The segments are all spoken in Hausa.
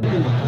对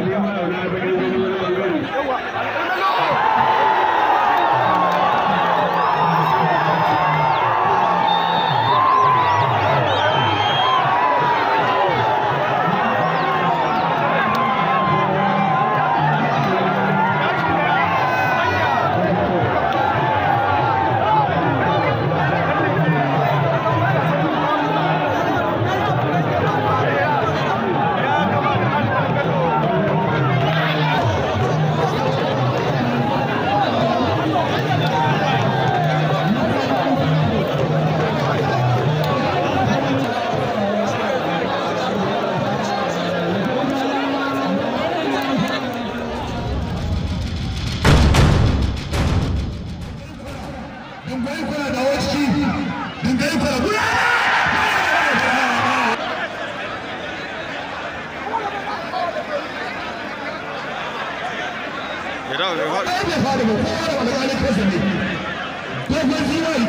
ta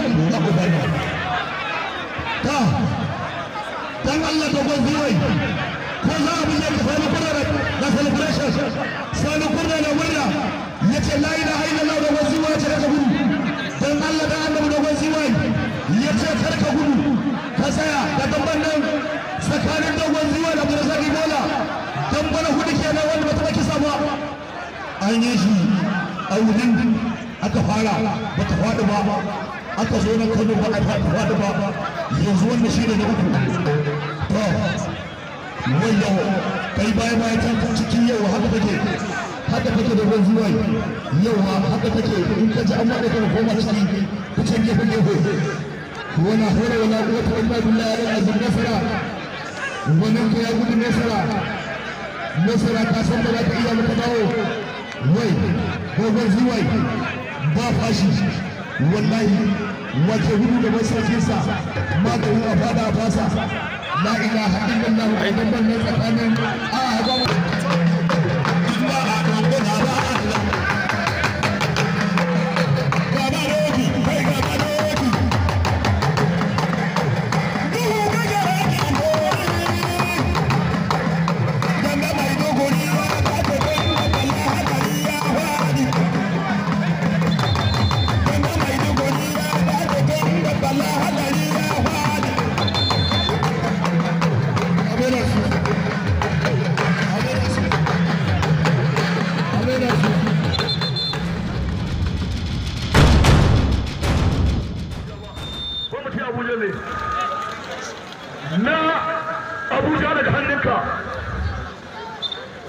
dan Allah dogon zuwai ko za a buge ka sani da sani kurna da murna ya ce la ilaha illallah dogon gudu Allah da dogon ka gudu tsaya da damban tsakanin dogon da murzaki bola dambana hudu ba ta kisa ba an yi a wurin aka fara faɗi ba aka zo na kano ba a faɗuwa da ba yanzu wanda shi ne na uku to wanda kai baya baya can ciki yau haka take haka take da ruwan zuwa yawa haka take in ka ji an ma da kan koma ciki kucin gefe gefe wala hawla wala quwwata illa billahi al-azim nasara wannan ka ya gudu nasara nasara ta san ba za ta iya maka dawo wai gogon zuwa ba fashi wallahi wace hudu da bai sauke sa maganin a fada a fasa la ilaha illallah a idan ban nan tsakanin a haɓar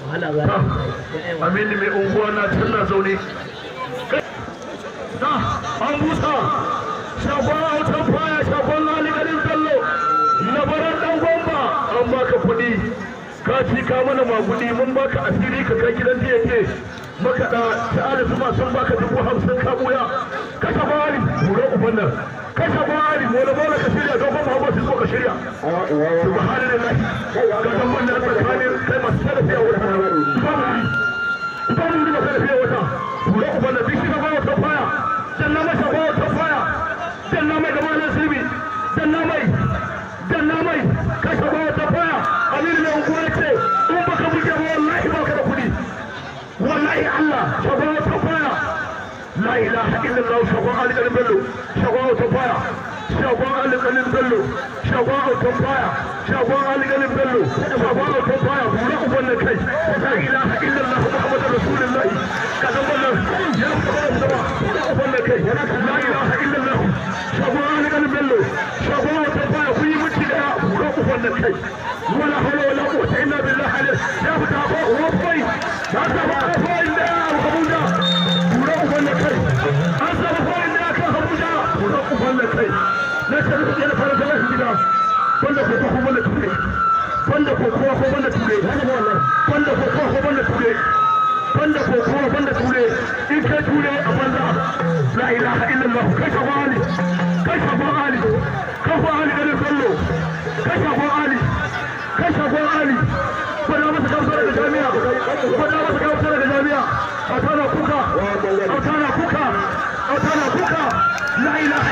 amin mai unguwa na tana zaune na an busa shagon autan faya shagon laligarin tallo labaran dan Gomba. an baka kuɗi ka ci ka mana magudi mun baka asiri ka kai gidan da yake makaɗa ta alisu ma sun baka dubu hamsin ka buya kashe bari mura uban nan kashe bari mola mola ka shirya don kuma hawa sun ka shirya subhanallahi ka san wannan tsakanin kai masu salafiya wata ba mu ba salafiya wata mura uban nan duk shiga bawa ta faya janna masa bawa ta faya janna mai da malan sirbi janna mai janna mai kashe bawa ta faya amir ne unguwa ce in baka buge ba wallahi baka da kuɗi wallahi Allah ta bawa la ilaha illallah shagon alƙalin bello shagon autofaya shagon alƙalin bello shagon autofaya shagon alƙalin bello shagon autofaya bura uban na kai la ilaha illallah muhammadu rasulullahi ka zama nan ya fara zama bura uban na kai la ilaha illallah shagon alƙalin bello shagon kai banda koko banda ture banda koko banda ture in kai ture a banza la ilaha illallah kai ka ali kai ka ali kai ka ali da kallo kai ka ali kai ka ali Ko fada masa gamsar da jami'a Ko fada masa gamsar da jami'a a tana kuka a tana kuka a tana kuka la ilaha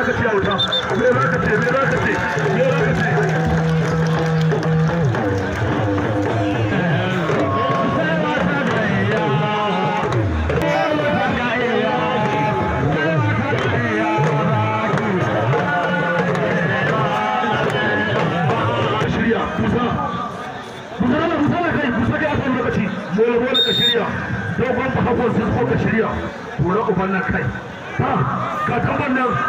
za ka ce a wuta me za ka ce me za ka ce me za ka ce ka shirya dogon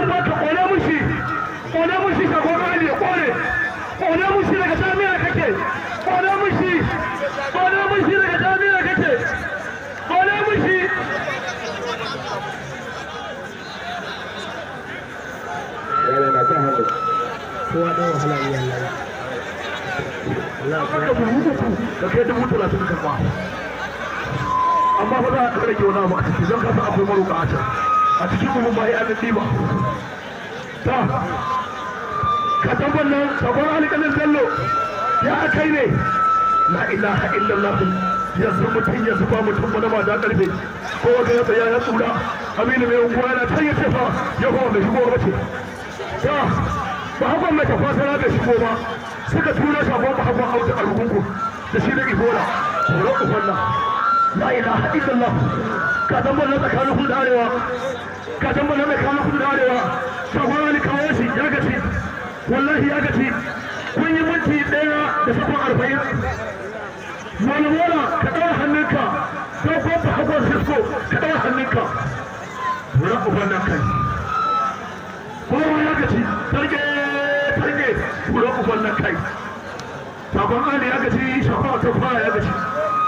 wuta ka kone mushi ka kone ali ya kone kone mushi daga jami'a kake kone mushi kone mushi daga jami'a kake kone mushi yana na ta hannu kowa dan wahala ne Allah ka kai dubu talatin da amma fa za a kare ke wani abu a ciki don ka san akwai maroka can a cikin kuma bai ba ta ka nan sabon alƙalin zallo ya kai ne la ilaha illallah yanzu mutum ya zuba mutum wani ba da karfe ko wanda ya ya tsura aminu mai unguwa yana can ya tefa ya kuma bai shigo ba ce ta ba hakan mai tafasara da shigo ba suka tura shagon ba hakan hauta a rukunku da shi da ibola tsoron ufan nan la ilaha illallah ka zamba na tsakanin kudu arewa ka zamba na tsakanin kudu arewa sabon wani kawo ya gaci wallahi ya gaci kun yi minti ɗaya da sakon arba'in malamola ka ɗaura hannunka don ko ba hagon sisko ka ɗaura hannunka wani uban ali ya ya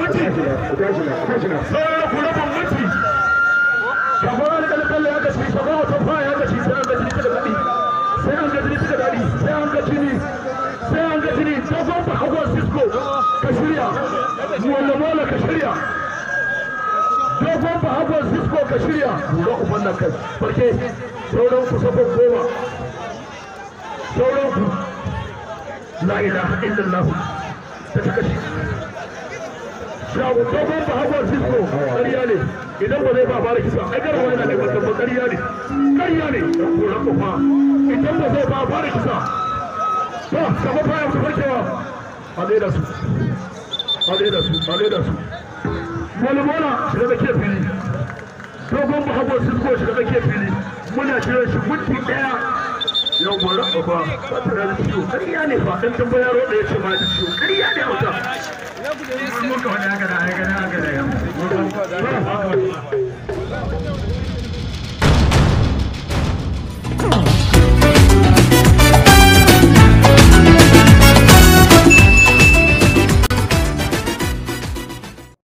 mutu sauran ku rabin mutu shagowar kalkal ya gashi shagowar tafa ya gashi sai an gaji da daɗi sai an gaji da daɗi sai an ga jini sai an gaji ne shagon ba hagon sisko ka shirya mola ka shirya dogon ba hagon sisko ka shirya lura uban nan kai barke sauran ku sabon goma sauran ku la ilaha illallah ta ta kashe. shago ko ban ba hawa cisco ƙarya ne idan ba zai ba fara kisa ai garba yana da gaskata ƙarya ne ƙarya ne ko haka fa idan ba zai ba fara kisa ba kamar baya ku farkewa a da su a da su a da su wani mola shiga da ke fili dogon ba hawa cisco shiga da ke fili muna jiran shi minti daya. yau bari a ba ba ta da ciwo kariya ne ba dan tambaya roda ya ce ma da ciwo kariya ne mutum mun muka wani haka da haka da haka da yamma